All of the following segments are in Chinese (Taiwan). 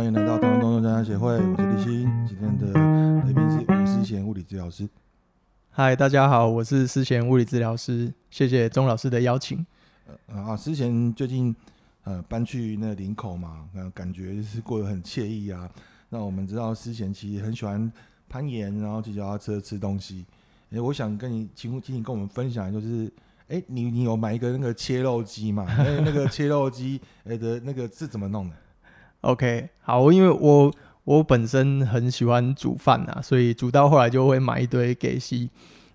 歡迎來到東東東專家協會，我是李欣，今天的來賓是吳思賢物理治療師。嗨，大家好，我是思賢物理治療師，謝謝鍾老師的邀請。呃啊，思賢最近呃搬去那個林口嘛，那、啊、感覺是過得很愜意啊。那我們知道思賢其實很喜歡攀岩，然後騎腳踏車吃，吃東西。哎、欸，我想跟你請請你跟我們分享，就是哎、欸，你你有買一個那個切肉機嘛、欸？那個切肉機哎、 欸、的那個是怎麼弄的？OK，好，因為我我本身很喜歡煮飯啊，所以煮到後來就會買一堆家私，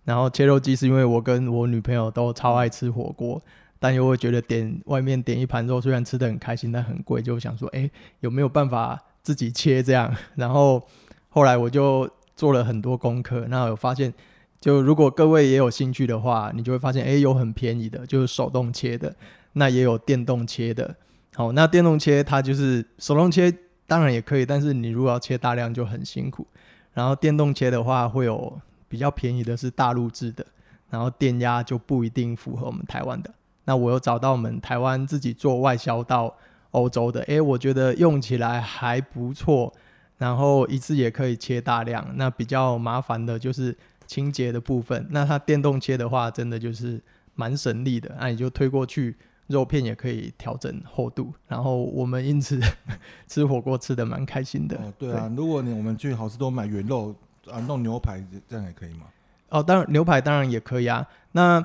然後切肉機是因為我跟我女朋友都超愛吃火鍋，但又會覺得點外面點一盤肉雖然吃得很開心，但很貴，就想說哎、欸、有沒有辦法自己切這樣？然後後來我就做了很多功課，那有發現就如果各位也有興趣的話，你就會發現哎、欸、有很便宜的，就是手動切的，那也有電動切的。好、哦，那電動切它就是手動切當然也可以，但是你如果要切大量就很辛苦。然後電動切的話會有比較便宜的是大陸制的，然後電壓就不一定符合我們台灣的。那我又找到我們台灣自己做外銷到歐洲的，誒、欸，我覺得用起來還不錯，然後一次也可以切大量。那比較麻煩的就是清潔的部分。那它電動切的話真的就是蠻省力的，那你就推過去。肉片也可以調整厚度，然後我們因此 吃火鍋吃得蠻開心的。哦、對啊，對，如果你我們去好事多買原肉啊弄牛排這樣也可以嗎？哦，當然牛排當然也可以啊。那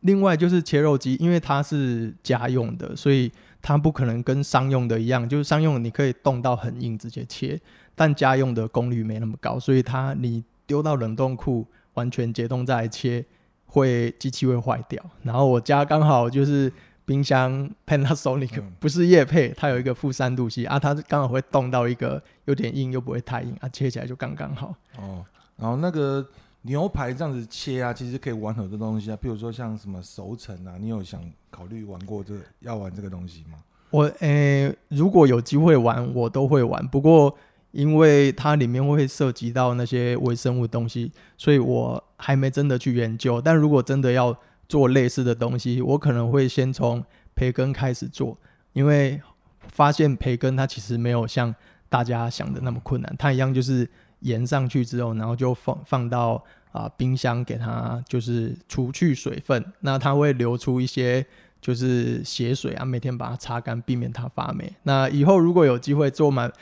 另外就是切肉機，因為它是家用的，所以它不可能跟商用的一樣。就是商用你可以凍到很硬直接切，但家用的功率沒那麼高，所以它你丟到冷凍庫完全解凍再切，會機器會壞掉。然後我家剛好就是。冰箱 Panasonic、嗯、不是業配，它有一個負三度 C 啊，它剛好會凍到一個有點硬，又不會太硬啊，切起來就剛剛好。哦，然後那個牛排這樣子切啊，其實可以玩很多東西啊，比如說像什麼熟成啊，你有想考慮玩過這個、要玩這個東西嗎？我誒、欸，如果有機會玩，我都會玩。不過因為它裡面會涉及到那些微生物東西，所以我還沒真的去研究。但如果真的要做類似的東西，我可能會先從培根開始做，因為發現培根它其實沒有像大家想的那麼困難，它一樣就是鹽上去之後，然後就放放到啊、呃、冰箱給它就是除去水分，那它會流出一些就是血水啊，每天把它擦乾，避免它發霉。那以後如果有機會做滿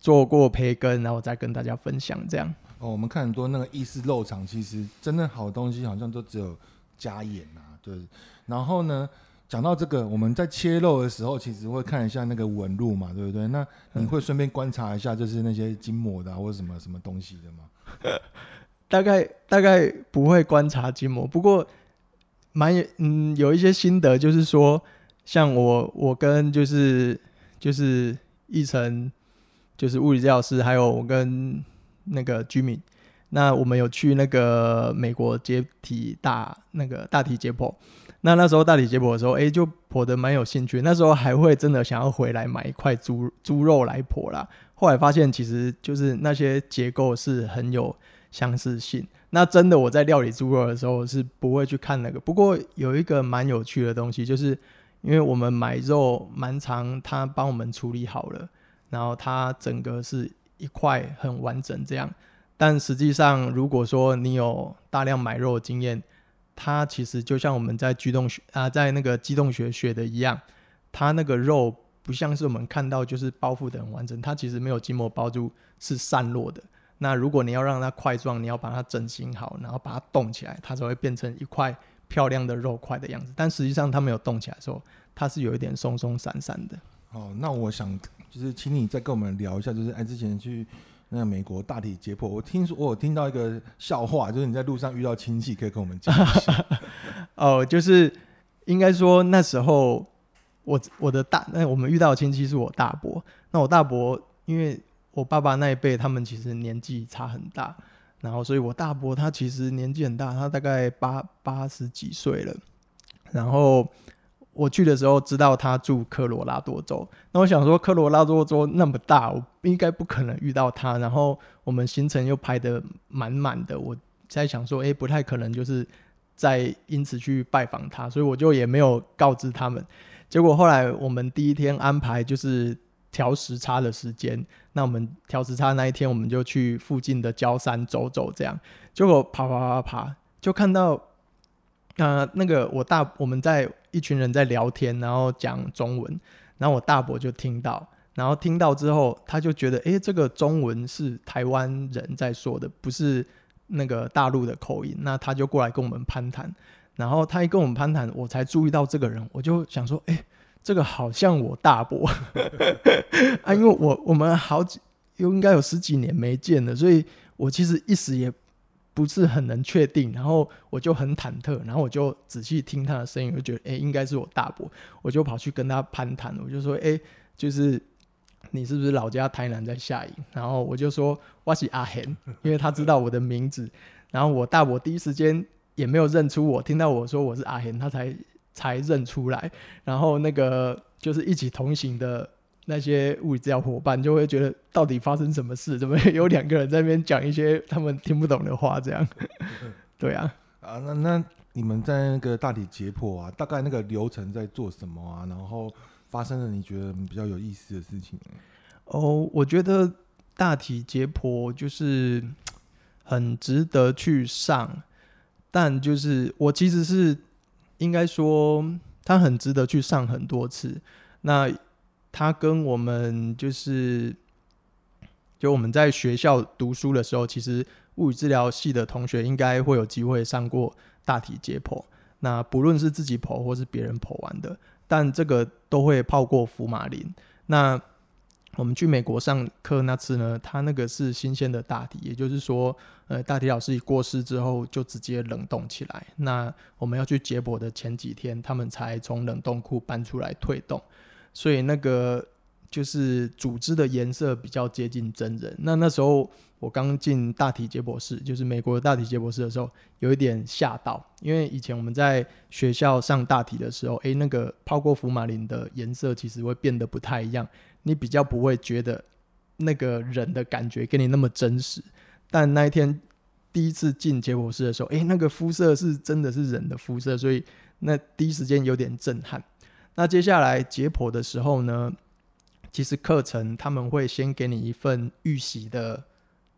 做過培根，然後我再跟大家分享這樣。哦，我們看很多那個意式肉腸，其實真的好的東西好像都只有。加鹽啊，對。然後呢，講到這個，我們在切肉的時候，其實會看一下那個紋路嘛，對不對？那你會順便觀察一下，就是那些筋膜的、啊、或者什麼什麼東西的嗎？大概大概不會觀察筋膜，不過蠻有嗯有一些心得，就是說，像我我跟就是就是一層，就是物理治療師，還有我跟那個 Jimmy。那我們有去那個美國解體大那個大體解剖，那那時候大體解剖的時候，誒、欸，就剖得蠻有興趣。那時候還會真的想要回來買一塊豬豬肉來剖啦。後來發現其實就是那些結構是很有相似性。那真的我在料理豬肉的時候是不會去看那個。不過有一個蠻有趣的東西，就是因為我們買肉蠻常，他幫我們處理好了，然後它整個是一塊很完整這樣。但實際上，如果說你有大量買肉的經驗，它其實就像我們在肌動學啊，在那個肌動學學的一樣，它那個肉不像是我們看到就是包覆的很完整，它其實沒有筋膜包住，是散落的。那如果你要讓它塊狀，你要把它整形好，然後把它凍起來，它才會變成一塊漂亮的肉塊的樣子。但實際上，它沒有凍起來的時候，它是有一點鬆鬆散散的。哦，那我想就是請你再跟我們聊一下，就是哎之前去。那美國大體解剖，我聽說我有聽到一個笑話，就是你在路上遇到親戚，可以跟我們講。 哦,就是應該說那時候我，我我的大那我們遇到親戚是我大伯。那我大伯因為我爸爸那一輩，他們其實年紀差很大，然後所以我大伯他其實年紀很大，他大概八八十幾歲了，然後。我去的時候知道他住科羅拉多州，那我想說科羅拉多州那麼大，我應該不可能遇到他。然後我們行程又排得滿滿的，我在想說，誒、欸、不太可能，就是再因此去拜訪他，所以我就也沒有告知他們。結果後來我們第一天安排就是調時差的時間，那我們調時差那一天，我們就去附近的郊山走走，這樣。結果爬爬爬爬爬，就看到呃那個我大我們在一群人在聊天，然後講中文，然後我大伯就聽到，然後聽到之後，他就覺得，誒、欸，這個中文是台灣人在說的，不是那個大陸的口音，那他就過來跟我們攀談，然後他一跟我們攀談，我才注意到這個人，我就想說，誒、欸，這個好像我大伯 啊，因為我我們好幾，又應該有十幾年沒見了，所以我其實一時也。不是很能確定，然後我就很忐忑，然後我就仔細聽他的聲音，我就覺得誒、欸，應該是我大伯，我就跑去跟他攀談，我就說誒、欸，就是你是不是老家台南在下營？然後我就說我是阿賢，因為他知道我的名字， 然後我大伯第一時間也沒有認出我，聽到我說我是阿賢，他才才認出來，然後那個就是一起同行的。那些物理治療夥伴就會覺得，到底發生什麼事？怎麼有兩個人在那邊講一些他們聽不懂的話？這樣，嗯、 對啊，啊，那那你們在那個大體解剖啊，大概那個流程在做什麼啊？然後發生了你覺得比較有意思的事情？哦，我覺得大體解剖就是很值得去上，但就是我其實是應該說他很值得去上很多次。那他跟我們就是，就我們在學校讀書的時候，其實物理治療系的同學應該會有機會上過大體解剖。那不論是自己剖或是別人剖完的，但這個都會泡過福馬林。那我們去美國上課那次呢，他那個是新鮮的大體，也就是說，呃，大體老師一過世之後就直接冷凍起來。那我們要去解剖的前幾天，他們才從冷凍庫搬出來退凍。所以那個就是組織的顏色比較接近真人。那那時候我剛進大體解剖室，就是美國的大體解剖室的時候，有一點嚇到。因為以前我們在學校上大體的時候，誒，那個泡過福馬林的顏色其實會變得不太一樣，你比較不會覺得那個人的感覺跟你那麼真實。但那一天第一次進解剖室的時候，誒，那個膚色是真的是人的膚色，所以那第一時間有點震撼。那接下來解剖的時候呢，其實課程他們會先給你一份預習的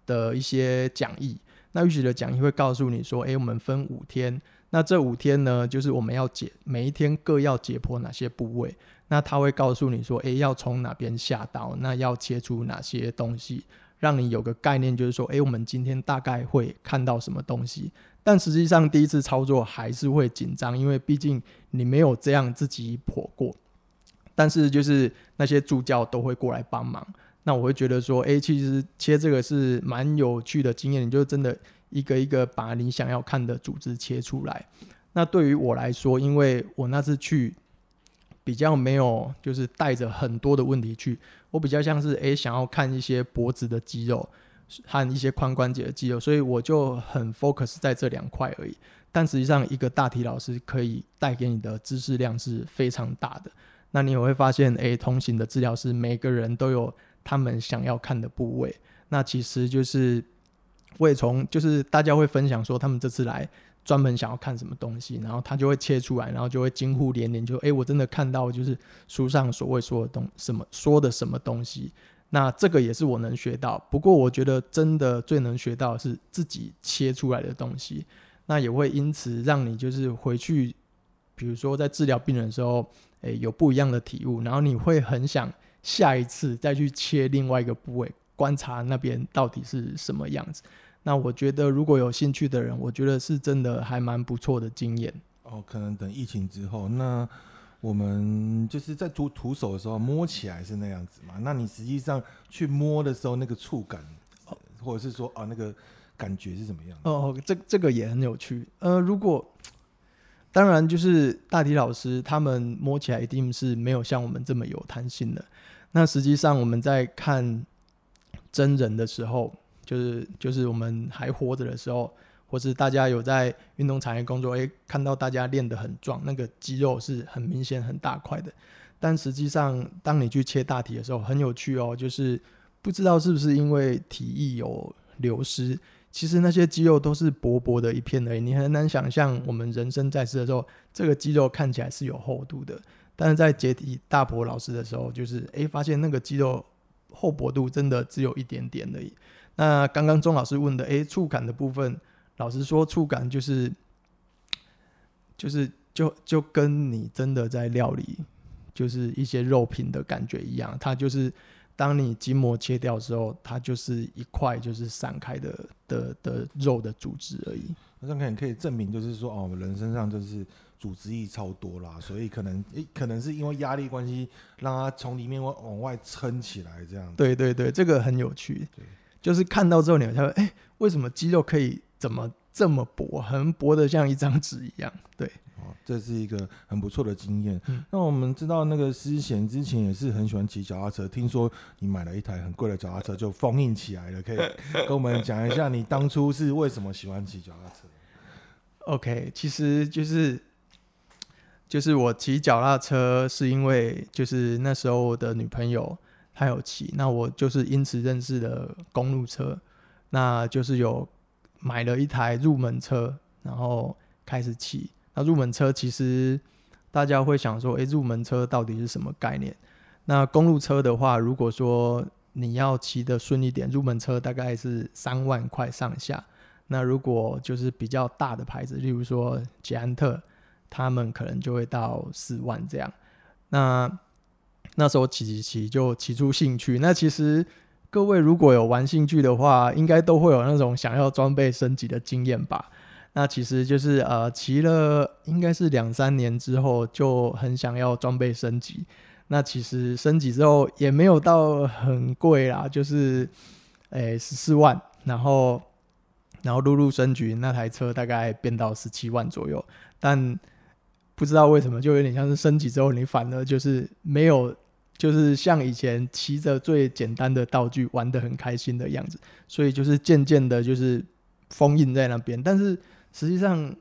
的一些講義。那預習的講義會告訴你說，誒、欸，我們分五天，那這五天呢，就是我們要解每一天各要解剖哪些部位。那他會告訴你說，誒、欸，要從哪邊下刀，那要切出哪些東西，讓你有個概念，就是說，誒、欸，我們今天大概會看到什麼東西。但實際上，第一次操作還是會緊張，因為畢竟你沒有這樣自己剖過。但是就是那些助教都會過來幫忙，那我會覺得說，誒、欸，其實切這個是蠻有趣的經驗，你就真的一個一個把你想要看的組織切出來。那對於我來說，因為我那次去比較沒有，就是帶着很多的問題去，我比較像是誒、欸，想要看一些脖子的肌肉，和一些髖關節的肌肉，所以我就很 focus 在這兩塊而已。但實際上，一個大體老師可以帶給你的知識量是非常大的。那你也會發現，誒、欸，同行的治療師每個人都有他們想要看的部位。那其實就是，我也從就是大家會分享說，他們這次來專門想要看什麼東西，然後他就會切出來，然後就會驚呼連連，就誒，哎、欸，我真的看到就是書上所謂說的東什麼說的什麼東西。”那這個也是我能學到，不過我覺得真的最能學到是自己切出來的東西，那也會因此讓你就是回去，比如說在治療病人的時候，誒、欸、有不一樣的體悟，然後你會很想下一次再去切另外一個部位，觀察那邊到底是什麼樣子。那我覺得如果有興趣的人，我覺得是真的還蠻不錯的經驗。哦，可能等疫情之後那。我們就是在徒徒手的時候摸起來是那樣子嘛，那你實際上去摸的時候，那個觸感，或者是說啊，那個感覺是怎麼樣？哦，這這個也很有趣。呃，如果當然就是大體老師他們摸起來一定是沒有像我們這麼有彈性的。那實際上我們在看真人的時候，就是就是我們還活着的時候。或是大家有在運動產業工作，誒、欸，看到大家練得很壯，那個肌肉是很明顯很大塊的。但實際上，當你去切大體的時候，很有趣哦，就是不知道是不是因為體液有流失，其實那些肌肉都是薄薄的一片而已。你很難想象我們人生在世的時候，這個肌肉看起來是有厚度的，但是在解體大體老師的時候，就是誒、欸，發現那個肌肉厚薄度真的只有一點點而已。那剛剛鍾老師問的，誒、欸，觸感的部分。老實說，觸感就是就是就就跟你真的在料理，就是一些肉品的感覺一樣。它就是當你筋膜切掉之後，它就是一塊就是散開的的的肉的組織而已。好像可以可以證明，就是說哦，人身上就是組織液超多啦，所以可能誒、欸，可能是因為壓力關係，讓它從裡面往往外撐起來這樣。對對對，這個很有趣。對，就是看到之後你才會哎，為什麼肌肉可以？怎麼這麼薄，很薄的像一張紙一樣？對，這是一個很不錯的經驗。嗯、那我們知道，那個思賢之前也是很喜歡騎腳踏車，聽說你買了一台很貴的腳踏車就封印起來了，可以跟我們講一下你當初是為什麼喜歡騎腳踏車 ？OK，其實就是就是我騎腳踏車是因為就是那時候我的女朋友她有騎，那我就是因此認識了公路車，那就是有。買了一台入門車，然後開始騎。那入門車其實大家會想說，誒、欸，入門車到底是什麼概念？那公路車的話，如果說你要騎得順一點，入門車大概是三萬塊上下。那如果就是比較大的牌子，例如說捷安特，他們可能就會到四萬這樣。那那時候騎騎騎就騎出興趣。那其實。各位如果有玩興趣的話，應該都會有那種想要裝備升級的經驗吧？那其實就是呃騎了應該是兩三年之後就很想要裝備升級。那其實升級之後也沒有到很貴啦，就是誒十四萬，然後然後陸陸升級那台車大概變到十七萬左右，但不知道為什麼就有點像是升級之後你反而就是沒有。就是像以前騎着最簡單的道具玩得很開心的樣子，所以就是漸漸的，就是封印在那邊。但是實際上，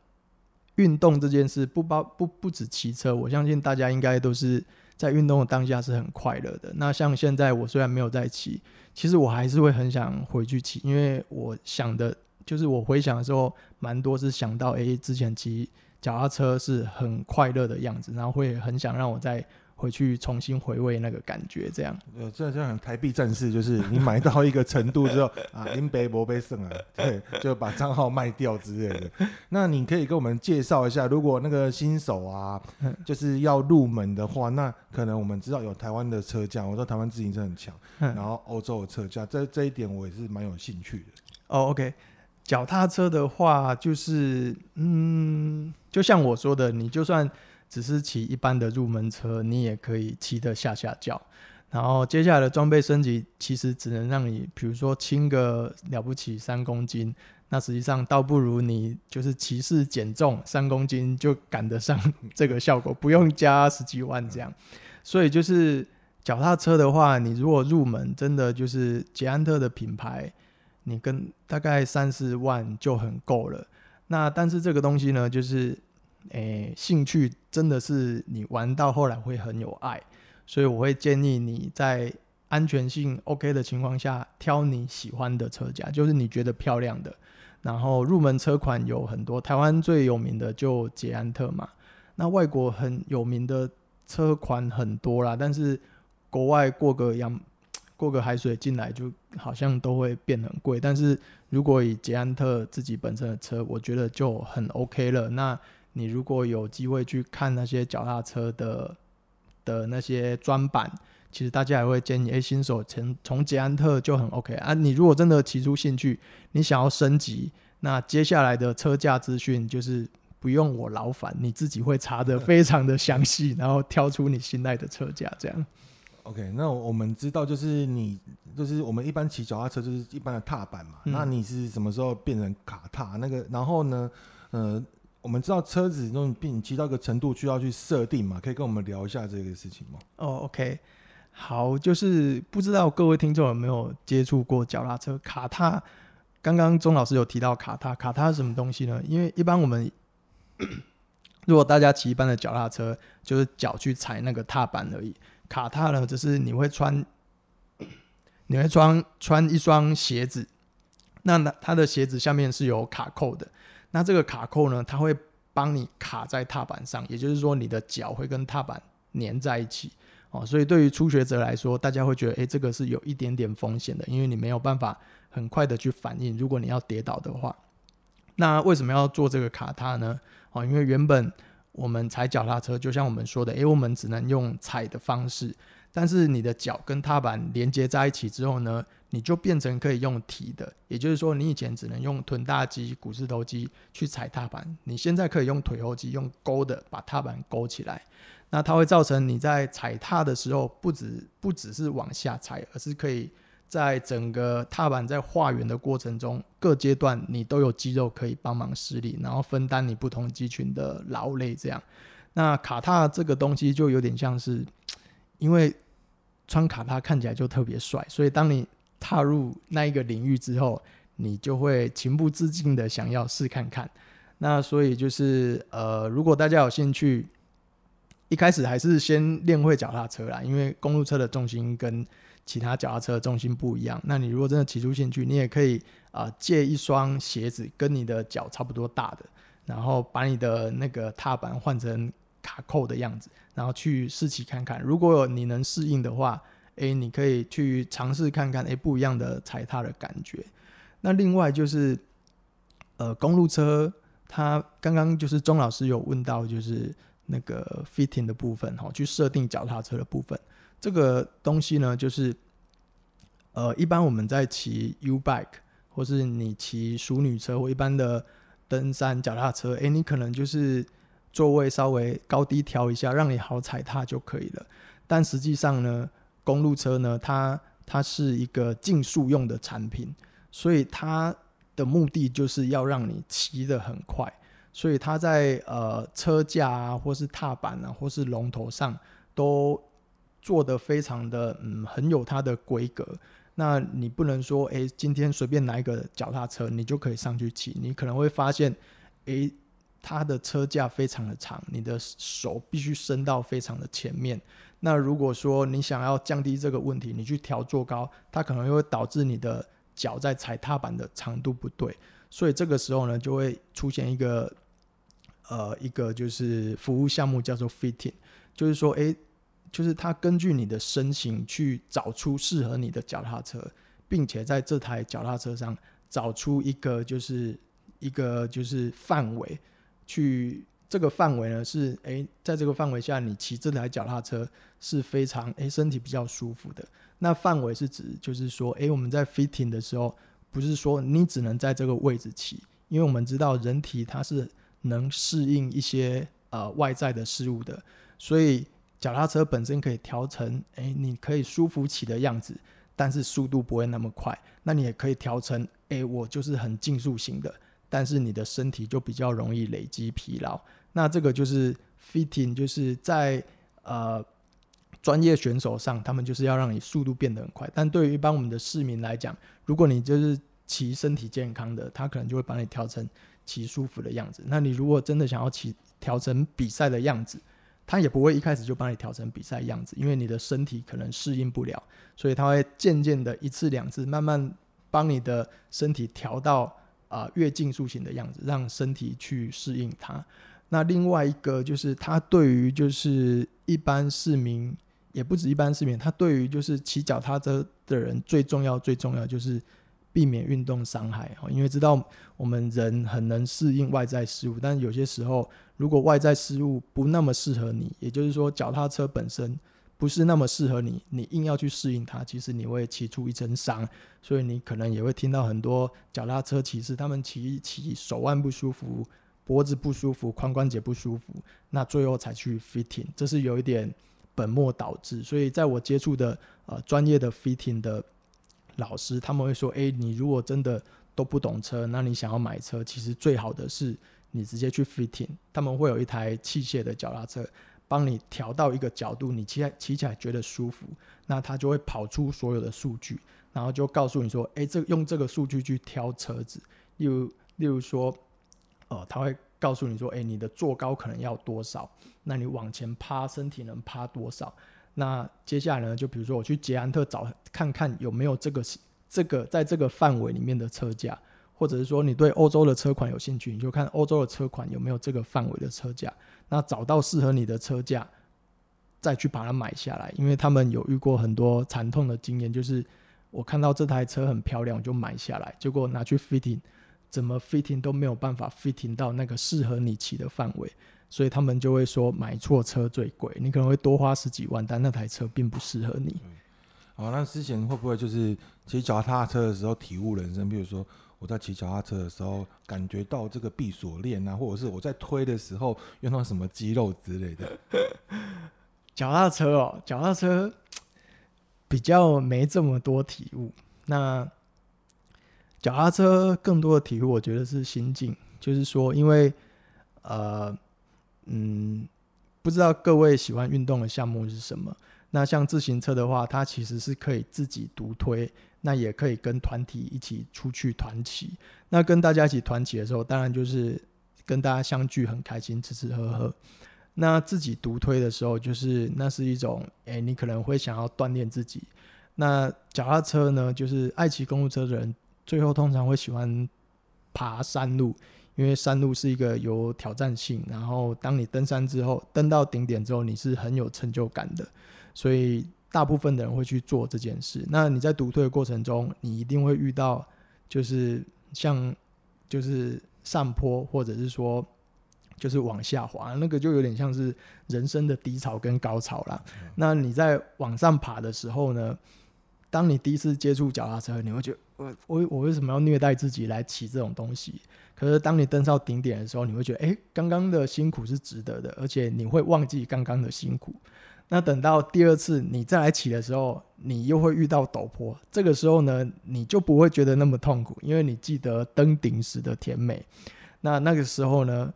運動這件事不包不不止騎車，我相信大家應該都是在運動的當下是很快樂的。那像現在我雖然沒有在騎，其實我還是會很想回去騎，因為我想的就是我回想的時候，蠻多是想到，哎、欸，之前騎腳踏車是很快樂的樣子，然後會很想讓我在。回去重新回味那個感覺，這樣。呃，這樣，台幣戰士，就是你買到一個程度之後 啊，in buy more buy sell 啊，對，就把賬號賣掉之類的。那你可以跟我們介紹一下，如果那個新手啊，就是要入門的話，那可能我們知道有台灣的車價，我知道台灣自行車很強， 然後歐洲的車價，這這一點我也是蠻有興趣的。哦，oh，OK，腳踏車的話，就是嗯，就像我說的，你就算。只是騎一般的入門車，你也可以騎得下下腳。然後接下來的裝備升級，其實只能讓你，比如說輕個了不起三公斤，那實際上倒不如你就是騎士減重三公斤就趕得上這個效果，不用加十幾萬這樣。所以就是腳踏車的話，你如果入門，真的就是捷安特的品牌，你跟大概三四萬就很夠了。那但是這個東西呢，就是。誒，興趣真的是你玩到後來會很有愛，所以我會建議你在安全性 OK 的情況下挑你喜歡的車架，就是你覺得漂亮的。然後入門車款有很多，台灣最有名的就捷安特嘛。那外國很有名的車款很多啦，但是國外過個洋、過個海水進來，就好像都會變很貴。但是如果以捷安特自己本身的車，我覺得就很 OK 了。那你如果有機會去看那些腳踏車的的那些專版，其實大家也會建議 A、欸、新手從從捷安特就很 OK、嗯、啊。你如果真的提出興趣，你想要升級，那接下來的車架資訊就是不用我勞煩，你自己會查得非常的詳細，嗯、然後挑出你信賴的車架這樣。OK，那我們知道就是你就是我們一般騎腳踏車就是一般的踏板嘛，嗯、那你是什麼時候變成卡踏那個？然後呢，呃。我們知道車子那種並騎到一個程度，需要去設定嘛，可以跟我們聊一下這個事情嗎？哦，OK，好，就是不知道各位聽眾有沒有接觸過腳踏車卡踏，剛剛鍾老師有提到卡踏，卡踏是什麼東西呢？因為一般我們如果大家騎一般的腳踏車，就是腳去踩那個踏板而已。卡踏呢，就是你會穿，你會穿穿一雙鞋子，那那它的鞋子下面是有卡扣的。那這個卡扣呢，它會幫你卡在踏板上，也就是說你的腳會跟踏板粘在一起哦。所以對於初學者來說，大家會覺得，欸，這個是有一點點風險的，因為你沒有辦法很快的去反應。如果你要跌倒的話，那為什麼要做這個卡踏呢？哦，因為原本我們踩腳踏車，就像我們說的，欸，我們只能用踩的方式。但是你的腳跟踏板連接在一起之後呢，你就變成可以用提的，也就是說，你以前只能用臀大肌、股四頭肌去踩踏板，你現在可以用腿後肌用勾的把踏板勾起來。那它會造成你在踩踏的時候，不止不只是往下踩，而是可以在整個踏板在畫圓的過程中，各階段你都有肌肉可以幫忙施力，然後分擔你不同肌群的勞累。這樣，那卡踏這個東西就有點像是，因為穿卡踏看起來就特別帥，所以當你。踏入那一個領域之後，你就會情不自禁的想要試看看。那所以就是，呃，如果大家有興趣，一開始還是先練會腳踏車啦，因為公路車的重心跟其他腳踏車的重心不一樣。那你如果真的騎出興趣，你也可以啊，呃，借一雙鞋子跟你的腳差不多大的，然後把你的那個踏板換成卡扣的樣子，然後去試騎看看。如果你能適應的話，誒，你可以去嘗試看看，誒，不一樣的踩踏的感覺。那另外就是，呃，公路車它剛剛就是鍾老師有問到，就是那個 fitting 的部分，去設定腳踏車的部分。這個東西呢，就是，呃，一般我們在騎 U bike 或是你騎淑女車或一般的登山腳踏車，誒，你可能就是座位稍微高低調一下，讓你好踩踏就可以了。但實際上呢？公路車呢，它它是一個競速用的產品，所以它的目的就是要讓你騎得很快，所以它在呃車架啊，或是踏板啊，或是龍頭上都做得非常的嗯，很有它的規格。那你不能說哎、欸，今天隨便拿一個腳踏車你就可以上去騎，你可能會發現哎。欸它的車架非常的長，你的手必須伸到非常的前面。那如果說你想要降低這個問題，你去調座高，它可能又會導致你的腳在踩踏板的長度不對。所以這個時候呢，就會出現一個呃一個就是服務項目叫做 fitting，就是說，哎、欸，就是他根據你的身形去找出適合你的腳踏車，並且在這台腳踏車上找出一個就是一個就是範圍。去這個範圍呢是哎、欸，在這個範圍下，你騎這台腳踏車是非常哎、欸，身體比較舒服的。那範圍是指就是說哎、欸，我們在 fitting 的時候，不是說你只能在這個位置騎，因為我們知道人體它是能適應一些呃外在的事物的，所以腳踏車本身可以調成哎、欸，你可以舒服騎的樣子，但是速度不會那麼快。那你也可以調成哎、欸，我就是很競速型的。但是你的身體就比較容易累積疲勞，那這個就是 fitting，就是在呃專業選手上，他們就是要讓你速度變得很快。但對於一般我們的市民來講，如果你就是騎身體健康的，他可能就會幫你調成騎舒服的樣子。那你如果真的想要騎調成比賽的樣子，他也不會一開始就幫你調成比賽的樣子，因為你的身體可能適應不了，所以他會漸漸的一次兩次，慢慢幫你的身體調到。啊、呃，越近塑形的樣子，讓身體去適應它。那另外一個就是，它對於就是一般市民，也不止一般市民，它對於就是騎腳踏車的人，最重要最重要就是避免運動傷害。因為知道我們人很能適應外在事物，但是有些時候如果外在事物不那麼適合你，也就是說腳踏車本身，不是那麼適合你，你硬要去適應它，其實你會騎出一身傷，所以你可能也會聽到很多腳踏車騎士，他們騎一騎手腕不舒服，脖子不舒服，髖關節不舒服，那最後才去 fitting，這是有一點本末倒置。所以在我接觸的呃專業的 fitting 的老師，他們會說，哎、欸，你如果真的都不懂車，那你想要買車，其實最好的是你直接去 fitting，他們會有一台器械的腳踏車。幫你調到一個角度，你騎騎起來覺得舒服，那他就會跑出所有的數據，然後就告訴你說，誒、欸，這用這個數據去挑車子，例如例如說，呃，他會告訴你說，誒、欸，你的坐高可能要多少，那你往前趴，身體能趴多少，那接下來呢，就比如說我去捷安特找看看有沒有這個這個在這個範圍裡面的車架。或者是說你對歐洲的車款有興趣，你就看歐洲的車款有沒有這個範圍的車價，那找到適合你的車價，再去把它買下來。因為他們有遇過很多慘痛的經驗，就是我看到這台車很漂亮，我就買下來，結果拿去 fitting，怎麼 fitting 都沒有辦法 fitting 到那個適合你騎的範圍，所以他們就會說買錯車最貴，你可能會多花十幾萬，但那台車並不適合你。好，那之前會不會就是騎腳踏車的時候體悟人生，比如說？我在騎腳踏車的時候，感覺到這個閉鎖鏈啊，或者是我在推的時候用到什麼肌肉之類的。腳 踏車哦，腳踏車比較沒這麼多體悟。那腳踏車更多的體悟，我覺得是心境，就是說，因為呃嗯，不知道各位喜歡運動的項目是什麼。那像自行車的話，它其實是可以自己獨推。那也可以跟團體一起出去團騎，那跟大家一起團騎的時候，當然就是跟大家相聚很開心，吃吃喝喝。那自己獨推的時候，就是那是一種，誒、欸，你可能會想要鍛鍊自己。那腳踏車呢，就是愛騎公路車的人，最後通常會喜歡爬山路，因為山路是一個有挑戰性。然後當你登山之後，登到頂點之後，你是很有成就感的。所以。大部分的人會去做這件事。那你在獨退的過程中，你一定會遇到，就是像，就是上坡，或者是說，就是往下滑，那個就有點像是人生的低潮跟高潮啦。嗯、那你在往上爬的時候呢？當你第一次接觸腳踏車，你會覺得我我我為什麼要虐待自己來騎這種東西？可是當你登上頂點的時候，你會覺得，誒，剛剛的辛苦是值得的，而且你會忘記剛剛的辛苦。那等到第二次你再來騎的時候，你又會遇到陡坡，這個時候呢，你就不會覺得那麼痛苦，因為你記得登頂時的甜美。那那個時候呢，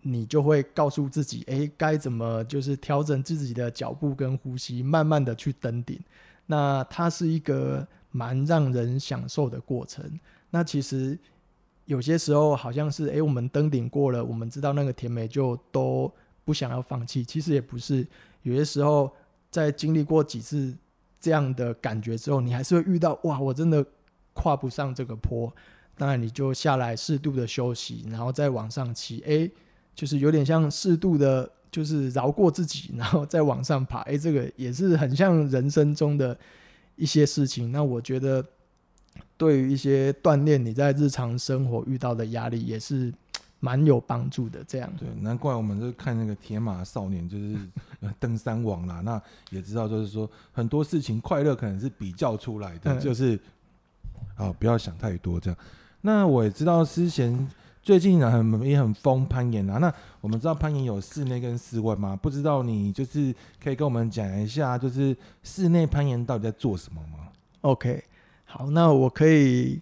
你就會告訴自己，哎，該怎麼就是調整自己的腳步跟呼吸，慢慢的去登頂。那它是一個蠻讓人享受的過程。那其實有些時候好像是，哎，我們登頂過了，我們知道那個甜美就都不想要放棄。其實也不是。有些時候，在經歷過幾次這樣的感覺之後，你還是會遇到哇，我真的跨不上這個坡，當然，你就下來適度的休息，然後再往上騎。哎，就是有點像適度的，就是饒過自己，然後再往上爬。哎，這個也是很像人生中的一些事情。那我覺得，對於一些鍛鍊你在日常生活遇到的壓力，也是。蠻有幫助的，這樣對，難怪我們就看那個鐵馬少年，就是登山王啦， 那也知道，就是說很多事情快樂可能是比較出來的，嗯、就是好、哦、不要想太多這樣。那我也知道，之前最近呢，很也很瘋攀岩啊。那我們知道攀岩有室內跟室外嗎？不知道你就是可以跟我們講一下，就是室內攀岩到底在做什麼嗎？OK，好，那我可以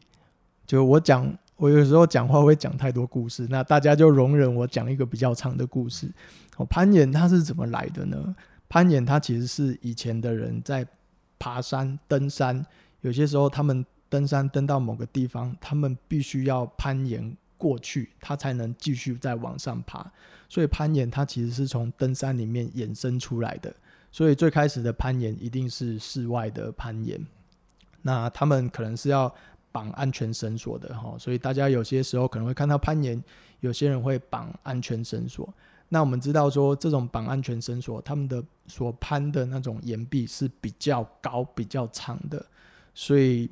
就我講。我有時候講話會講太多故事，那大家就容忍我講一個比較長的故事。攀岩，它是怎麼來的呢？攀岩它其實是以前的人在爬山、登山，有些時候他們登山登到某個地方，他們必須要攀岩過去，他才能繼續再往上爬。所以攀岩它其實是從登山裡面衍生出來的。所以最開始的攀岩一定是室外的攀岩，那他們可能是要，綁安全繩索的哈，所以大家有些時候可能會看到攀岩，有些人會綁安全繩索。那我們知道說，這種綁安全繩索，他們的所攀的那種岩壁是比較高、比較長的。所以，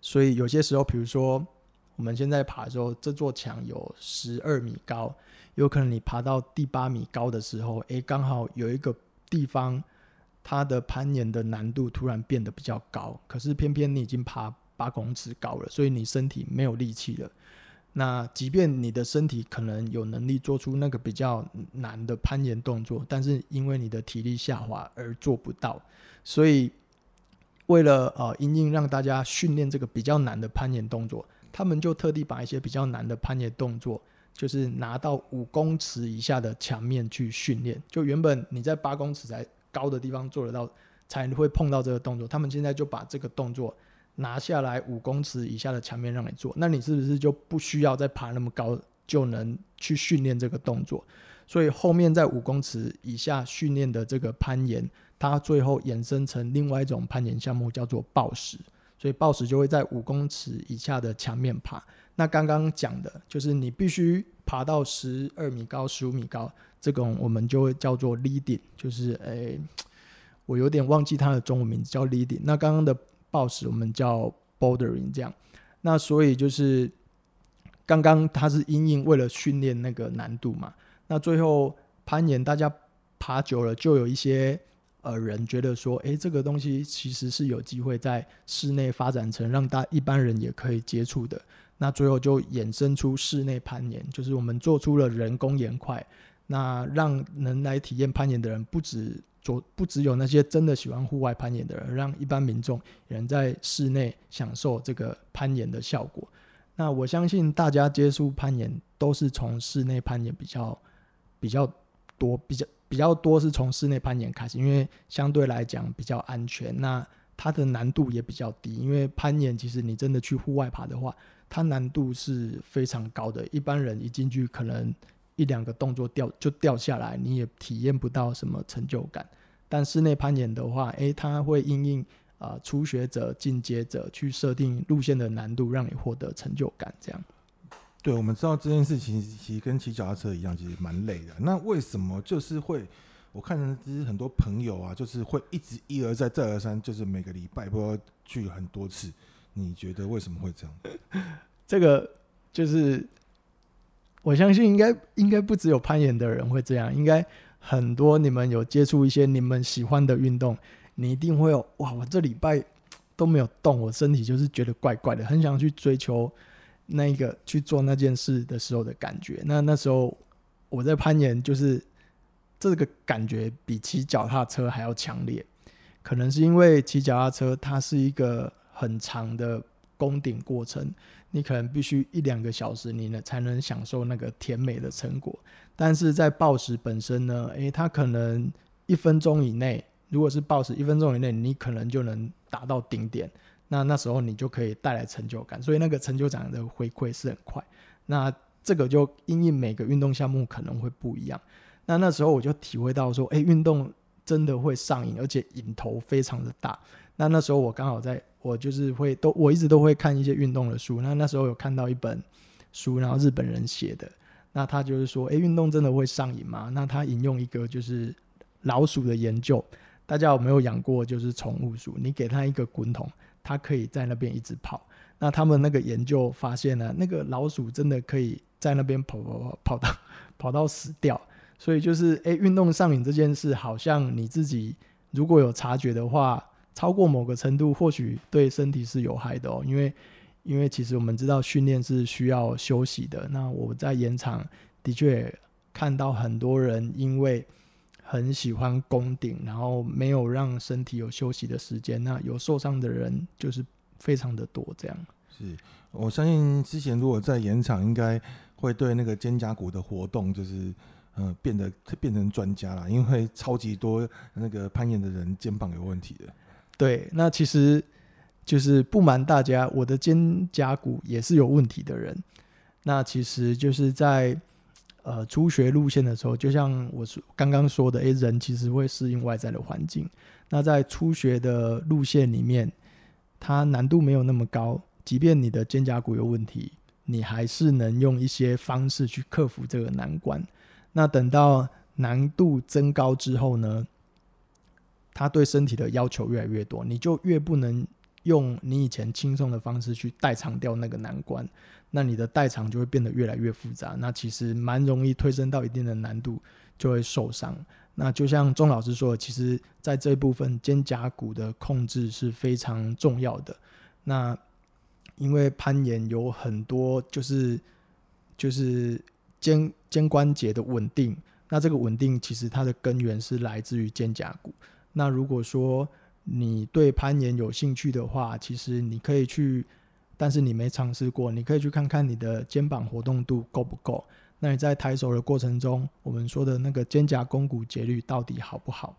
所以有些時候，比如說我們現在爬的時候，這座牆有十二米高，有可能你爬到第八米高的時候，欸，剛好有一個地方，它的攀岩的難度突然變得比較高，可是偏偏你已經爬。八公尺高了，所以你身體沒有力氣了。那即便你的身體可能有能力做出那個比較難的攀岩動作，但是因為你的體力下滑而做不到。所以為了呃，因應讓大家訓練這個比較難的攀岩動作，他們就特地把一些比較難的攀岩動作，就是拿到五公尺以下的牆面去訓練。就原本你在八公尺才高的地方做得到，才會碰到這個動作。他們現在就把這個動作。拿下來，五公尺以下的牆面讓你做，那你是不是就不需要再爬那麼高就能去訓練這個動作？所以後面在五公尺以下訓練的這個攀岩，它最後衍生成另外一種攀岩項目叫做抱石。所以抱石就會在五公尺以下的牆面爬。那剛剛講的就是你必須爬到十二米高、十五米高，這種我們就會叫做 leading，就是哎、欸，我有點忘記它的中文名字叫 leading。那剛剛的。BOSS，我們叫 bouldering 這樣，那所以就是剛剛他是因應為了訓練那個難度嘛，那最後攀岩大家爬久了，就有一些呃人覺得說，誒、欸，這個東西其實是有機會在室內發展成讓大一般人也可以接觸的，那最後就衍生出室內攀岩，就是我們做出了人工岩塊，那讓能來體驗攀岩的人不止。不不只有那些真的喜歡戶外攀岩的人，讓一般民眾也能在室內享受這個攀岩的效果。那我相信大家接觸攀岩都是從室內攀岩比較比較多，比較比較多是從室內攀岩開始，因為相對來講比較安全。那它的難度也比較低，因為攀岩其實你真的去戶外爬的話，它難度是非常高的，一般人一進去可能。一兩個動作掉就掉下來，你也體驗不到什麼成就感。但室內攀岩的話，誒、欸，它會因應啊、呃、初學者、進階者去設定路線的難度，讓你獲得成就感。這樣，對，我們知道這件事情其實跟騎腳踏車一樣，其實蠻累的。那為什麼就是會？我看其實很多朋友啊，就是會一直一而再、再而三，就是每個禮拜都要去很多次。你覺得為什麼會這樣？ 這個就是。我相信，應該應該不只有攀岩的人會這樣，應該很多你們有接觸一些你們喜歡的運動，你一定會有哇！我這禮拜都沒有動，我身體就是覺得怪怪的，很想去追求那個去做那件事的時候的感覺。那那時候我在攀岩，就是這個感覺比騎腳踏車還要強烈，可能是因為騎腳踏車它是一個很長的攻頂過程。你可能必須一兩個小時，你呢才能享受那個甜美的成果。但是在抱石本身呢，誒、欸，它可能一分鐘以內，如果是抱石一分鐘以內，你可能就能達到頂點。那那時候你就可以帶來成就感，所以那個成就獎的回饋是很快。那這個就因應每個運動項目可能會不一樣。那那時候我就體會到說，誒、欸，運動真的會上癮，而且癮頭非常的大。那那時候我剛好在。我就是會都，我一直都會看一些運動的書。那那時候有看到一本書，然後日本人寫的，那他就是說，欸，運動真的會上癮嗎？那他引用一個就是老鼠的研究，大家有沒有養過就是寵物鼠？你給它一個滾筒，它可以在那邊一直跑。那他們那個研究發現呢，那個老鼠真的可以在那邊跑跑跑跑到跑到死掉。所以就是，欸，運動上癮這件事，好像你自己如果有察覺的話。超過某個程度，或許對身體是有害的哦、喔，因為因為其實我們知道訓練是需要休息的。那我在岩場的確看到很多人因為很喜歡攻頂，然後沒有讓身體有休息的時間，那有受傷的人就是非常的多。這樣是我相信之前如果在岩場，應該會對那個肩胛骨的活動就是嗯、呃、變得變成專家啦，因為超級多那個攀岩的人肩膀有問題的。對，那其實就是不瞞大家，我的肩胛骨也是有問題的人。那其實就是在呃初學路線的時候，就像我剛剛說的，誒，人其實會適應外在的環境。那在初學的路線裡面，它難度沒有那麼高，即便你的肩胛骨有問題，你還是能用一些方式去克服這個難關。那等到難度增高之後呢？它對身體的要求越來越多，你就越不能用你以前輕鬆的方式去代償掉那個難關，那你的代償就會變得越來越複雜。那其實蠻容易推升到一定的難度就會受傷。那就像鍾老師說的，其實，在這一部分肩胛骨的控制是非常重要的。那因為攀岩有很多就是就是肩肩關節的穩定，那這個穩定其實它的根源是來自於肩胛骨。那如果說你對攀岩有興趣的話，其實你可以去，但是你沒嘗試過，你可以去看看你的肩膀活動度夠不夠。那你在抬手的過程中，我們說的那個肩胛肱骨節律到底好不好？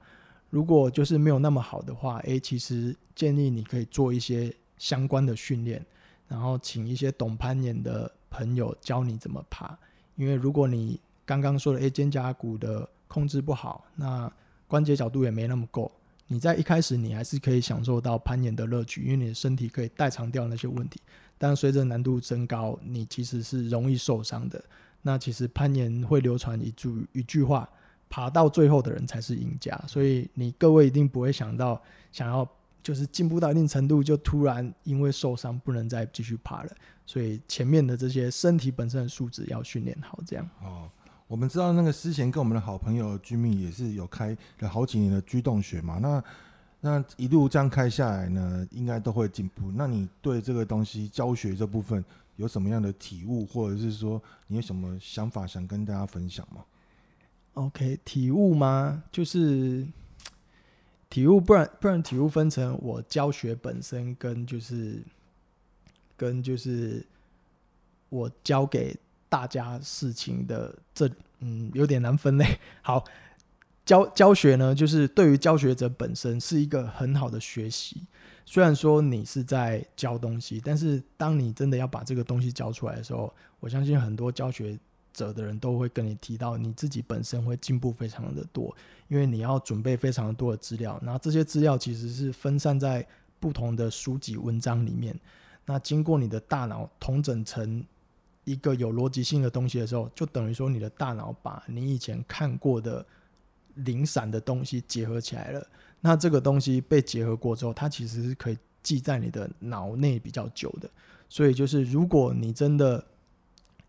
如果就是沒有那麼好的話，誒，其實建議你可以做一些相關的訓練，然後請一些懂攀岩的朋友教你怎麼爬。因為如果你剛剛說的，誒，肩胛骨的控制不好，那。關節角度也沒那麼夠，你在一開始，你還是可以享受到攀岩的樂趣，因為你的身體可以代償掉那些問題。但隨着難度增高，你其實是容易受傷的。那其實攀岩會流傳一句一句話：爬到最後的人才是贏家。所以你各位一定不會想到，想要就是進步到一定程度，就突然因為受傷不能再繼續爬了。所以前面的這些身體本身的素質要訓練好，這樣。哦我們知道那個思賢跟我們的好朋友的居民也是有開了好幾年的肌動學嘛，那那一路這樣開下來呢，應該都會進步。那你對這個東西教學這部分有什麼樣的體悟，或者是說你有什麼想法想跟大家分享嗎？OK，體悟嗎？就是體悟，不然不然體悟分成我教學本身跟就是跟就是我教給。大家事情的這，嗯，有點難分類。好，教教學呢，就是對於教學者本身是一個很好的學習。雖然說你是在教東西，但是當你真的要把這個東西教出來的時候，我相信很多教學者的人都會跟你提到，你自己本身會進步非常的多，因為你要準備非常多的資料，那這些資料其實是分散在不同的書籍、文章裡面，那經過你的大腦統整成一個有邏輯性的東西的時候，就等於說你的大腦把你以前看過的零散的東西結合起來了。那這個東西被結合過之後，它其實是可以記在你的腦內比較久的。所以就是，如果你真的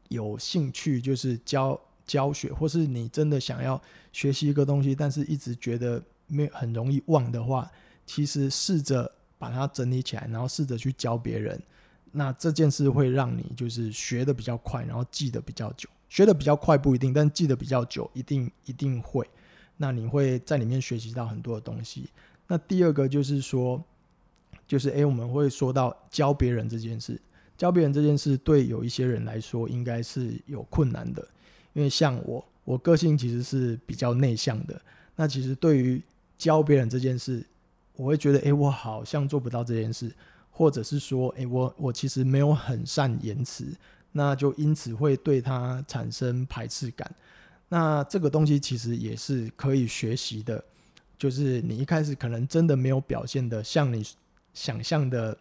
有興趣，就是教教學，或是你真的想要學習一個東西，但是一直覺得沒很容易忘的話，其實試着把它整理起來，然後試着去教別人。那這件事會讓你就是學得比較快，然後記得比較久。學得比較快不一定，但記得比較久，一定一定會。那你會在裡面學習到很多的東西。那第二個就是說，就是欸，我們會說到教別人這件事。教別人這件事對有一些人來說應該是有困難的，因為像我，我個性其實是比較內向的。那其實對於教別人這件事，我會覺得欸，我好像做不到這件事。或者是說，誒、欸，我我其實沒有很善言辭，那就因此會對他產生排斥感。那這個東西其實也是可以學習的，就是你一開始可能真的沒有表現得像你想象的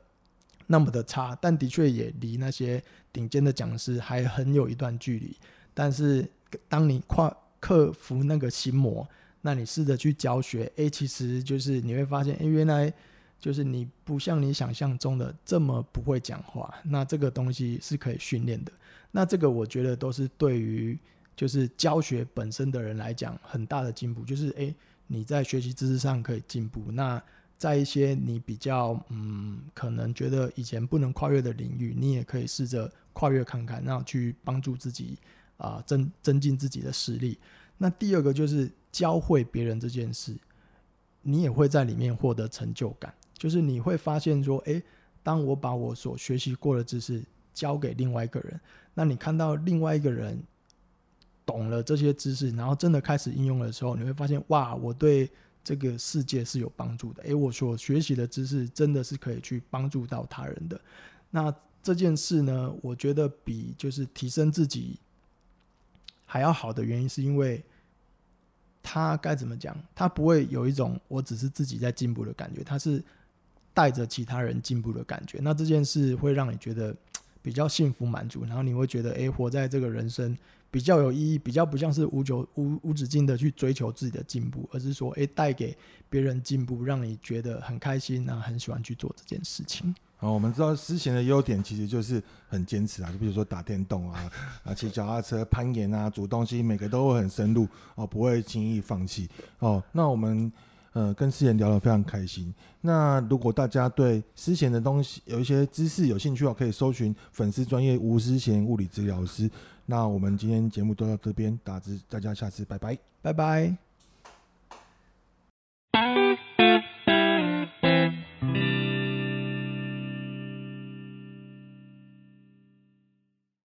那麼的差，但的確也離那些頂尖的講師還很有一段距離。但是當你跨，克服那個心魔，那你試着去教學，誒、欸，其實就是你會發現，誒、欸，原來。就是你不像你想象中的這麼不會講話，那這個東西是可以訓練的。那這個我覺得都是對於就是教學本身的人來講很大的進步。就是誒、欸、你在學習知識上可以進步，那在一些你比較嗯可能覺得以前不能跨越的領域，你也可以試着跨越看看，然後去幫助自己啊、呃、增增進自己的實力。那第二個就是教會別人這件事，你也會在裡面獲得成就感。就是你會發現說，誒、欸，當我把我所學習過的知識教給另外一個人，那你看到另外一個人懂了這些知識，然後真的開始應用的時候，你會發現哇，我對這個世界是有幫助的。誒、欸，我所學習的知識真的是可以去幫助到他人的。那這件事呢，我覺得比就是提升自己還要好的原因，是因為他該怎麼講？他不會有一種我只是自己在進步的感覺，他是。帶着其他人進步的感覺，那這件事會讓你覺得比較幸福滿足，然後你會覺得，誒、欸，活在這個人生比較有意義，比較不像是無久無無止境的去追求自己的進步，而是說，誒、欸，帶給別人進步，讓你覺得很開心，啊，然後很喜歡去做這件事情。哦，我們知道思賢的優點其實就是很堅持啊，就比如說打電動啊、啊騎腳踏車、攀岩啊、煮東西，每個都會很深入哦，不會輕易放棄哦。那我們。呃，跟思賢聊得非常開心。那如果大家對思賢的東西有一些知識有興趣的話，可以搜尋粉絲專頁吳思賢物理治療師。那我們今天節目都到這邊，打大家下次拜拜，拜拜。